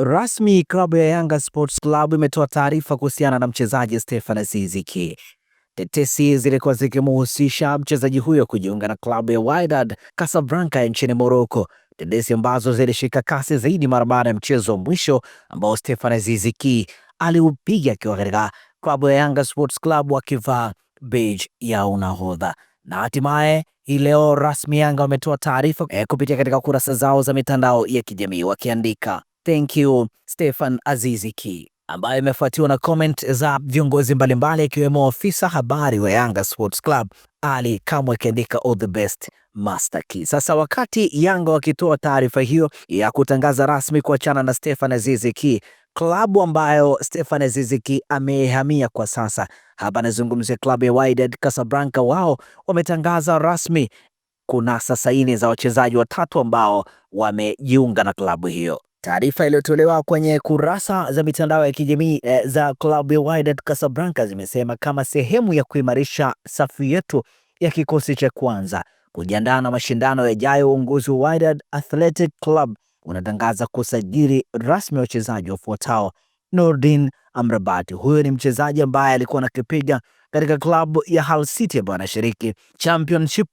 Rasmi klabu ya Yanga Sports Club imetoa taarifa kuhusiana na mchezaji Stefan Aziz Ki. Tetesi zilikuwa zikimuhusisha mchezaji huyo kujiunga na klabu ya Wydad Casablanca nchini Morocco, tetesi ambazo zilishika kasi zaidi mara baada ya mchezo wa mwisho ambao Stefan Aziz Ki aliupiga akiwa katika klabu ya Yanga Sports Club akivaa beige ya unahodha na hatimaye hii leo rasmi Yanga wametoa taarifa eh, kupitia katika kurasa zao za mitandao ya kijamii wakiandika Thank you Stefan Aziziki, ambayo imefuatiwa na comment za viongozi mbalimbali akiwemo afisa habari wa Yanga Sports Club Ali Kamwe akiandika all the best Master Key. Sasa wakati Yanga wakitoa taarifa hiyo ya kutangaza rasmi kuachana na Stefan Aziziki, klabu ambayo Stefan Aziziki amehamia kwa sasa, hapa anazungumzia klabu ya Wydad Casablanca, wao wametangaza rasmi kuna sasa za wachezaji watatu ambao wamejiunga na klabu hiyo. Taarifa iliyotolewa kwenye kurasa za mitandao ya kijamii e, za klabu ya Wydad Casablanca zimesema kama sehemu ya kuimarisha safu yetu ya kikosi cha kwanza kujiandaa na mashindano yajayo, uongozi wa Wydad Athletic Club unatangaza kusajili rasmi wachezaji wafuatao: Nordin Amrabat, huyo ni mchezaji ambaye alikuwa anakipiga katika klabu ya Hull City ambayo anashiriki championship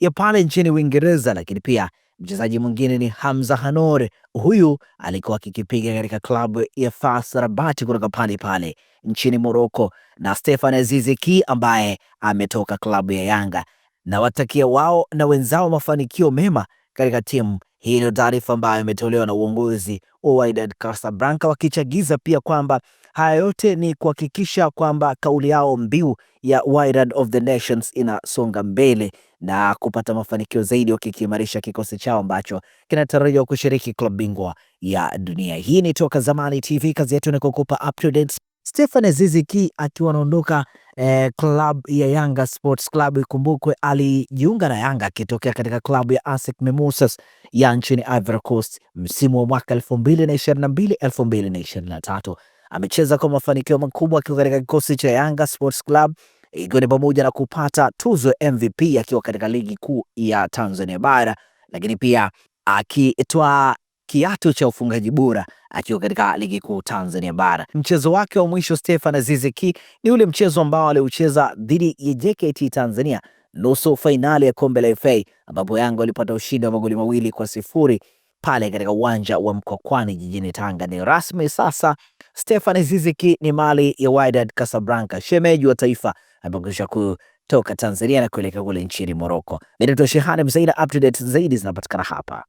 ya pale nchini Uingereza, lakini pia mchezaji mwingine ni Hamza Hanor, huyu alikuwa akikipiga katika klabu ya FAS Rabat kutoka pale pale nchini Morocco, na Stefan Aziz ambaye ametoka klabu ya Yanga. Nawatakia wao na wenzao mafanikio mema katika timu hii. Ndio taarifa ambayo imetolewa na uongozi wa Wydad Casablanca, wakichagiza pia kwamba haya yote ni kuhakikisha kwamba kauli yao mbiu ya Wydad of the Nations inasonga mbele na kupata mafanikio zaidi wakikiimarisha kikosi chao ambacho kinatarajiwa kushiriki klabu bingwa ya dunia. Hii ni Toka Zamani TV, kazi yetu ni kukupa up to date. Stefan Ziziki akiwa anaondoka eh, klabu ya Yanga Sports Club. Ikumbukwe alijiunga na Yanga akitokea katika klabu ya ASEC Mimosas ya nchini Ivory Coast msimu wa mwaka 2022 2023. Amecheza kwa mafanikio makubwa akiwa katika kikosi cha Yanga Sports Club ikiwa ni pamoja na kupata tuzo MVP akiwa katika ligi kuu ya Tanzania bara, lakini pia akitoa kiatu cha ufungaji bora akiwa katika ligi kuu Tanzania bara. Mchezo wake wa mwisho Stefan Aziziki ni ule mchezo ambao aliucheza dhidi ya JKT Tanzania nusu fainali ya kombe la FA ambapo Yanga walipata ushindi wa magoli mawili kwa sifuri pale katika uwanja wa Mkwakwani jijini Tanga. Ni rasmi sasa, Stefan Ziziki ni mali ya Wydad Casablanca, shemeji wa taifa amekwisha kutoka Tanzania na kuelekea kule nchini Morocco. Mimi ni Shehani Mzaina, updates zaidi zinapatikana hapa.